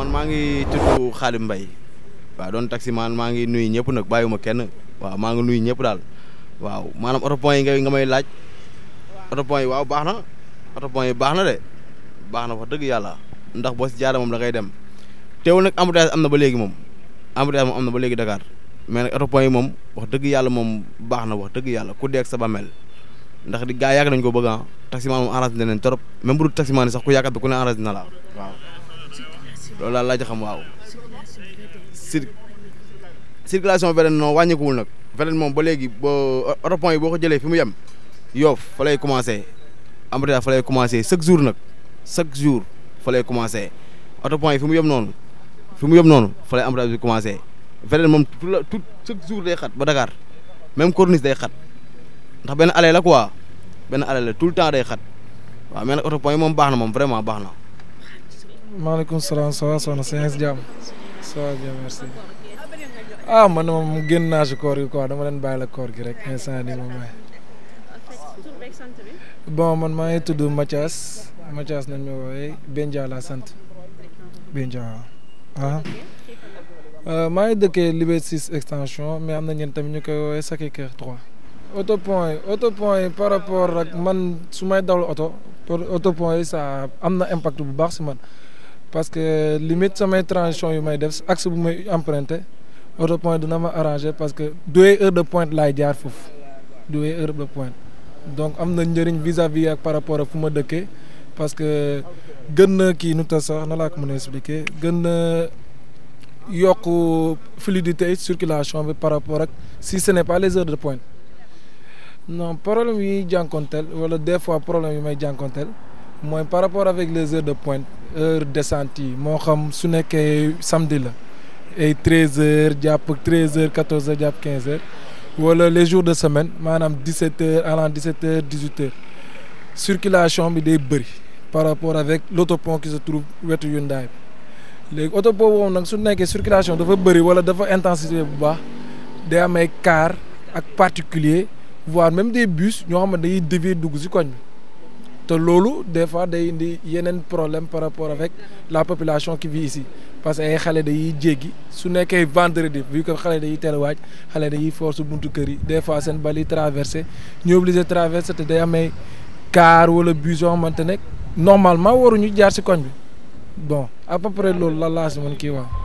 man maa ngi tudd Xaalim Mbay waaw doon taxi man maa ngi nuyu ñëpp nag bàyyiwuma kenn waaw maa ngi nuyu ñëpp daal waaw maanaam oto point yi nga nga may laaj otopon yi waaw baax na oto yi baax na de baax na wax dëgg yàlla ndax boo si jaare moom da ngay dem teewul nag embouteillage am na ba léegi moom embouteillage moom am na ba léegi Dakar mais nag oto yi moom wax dëgg yàlla moom baax na wax dëgg yàlla ku dee ak sa bàmmeel ndax di gaa yàgg nañ ko bëgg ah taximaan moom arrangé na leen trop même bu dul sax ku yàggat bi ku na la loolu daal laa ci xam waaw. cir circulation vétérinaire non wàññikuwul nag vétérinaire moom ba léegi boo autopont yi boo ko jëlee fi mu yem yoof fa lay commencé embouteillage fa lay commencé chaque jour nag chaque jour fa lay commencé autopont yi fi mu yem noonu fi mu yem noonu fa lay embouteillage bi commencé vétérinaire moom tout la tout chaque jour day xat ba Dakar même corniche day xat ndax benn allée la quoi benn allée la tout le temps day xat waaw mais nag autopont yi moom baax na moom vraiment baax na. maaleykum salaam ça va soxna si ngeen si jàmm ça va bien merci ah man moom génn naa si koor gi quoi dama leen bàyyi la koor gi rek instant nii moom mooy. bon man maa ngi tudd Mathias Mathias nañ ma woowee Benja laa sant Benja ah. ah. maa ngi dëkkee Liberté 6 extension mais am na ñeen tamit ñu koy woowee Sacré-Cœur 3. autopont yi autopont yi par rapport ak man su may dawal oto pour autopont yi ça am na impact bu baax si man. parce que limite samay transition yu may def axe bu may emprunté auto point dina ma arranger parce que deux heures de pointe la jaar foofu deux heures de pointe donc am na njëriñ vis-à-vis ak par rapport ak fu ma parce que gën na kii nu ta sax na laa ko mën a expliquer gën na yokk fluidité circulation bi par rapport ak si ce n'est pas les heures de pointe non problème yi jànkoonteel wala des fois problème yu may jànkoonteel mooy par rapport avec les heures de pointe heure de Je sais que samedi. Là. Et 13h, 13 14h, 15h. Voilà les jours de semaine, 17h, allant 17h, 18h. Circulation des bris par rapport avec l'autopont qui se trouve à Yundai. Les autopons ont une circulation de bris, voilà, de intensité bas, des cars particuliers, voire même des bus, nous avons des devis de nous. C'est des fois day indi problème par rapport avec la population qui vit ici parce que ay xale dañuy jéggi su nekkee vendredi vu que xale dañuy teel waaj sont dañuy force buntu kër des fois sen bali traverser. ñu obligé traverser de day car wala bus normalement waruñu jaar ci koñ bon à peu près la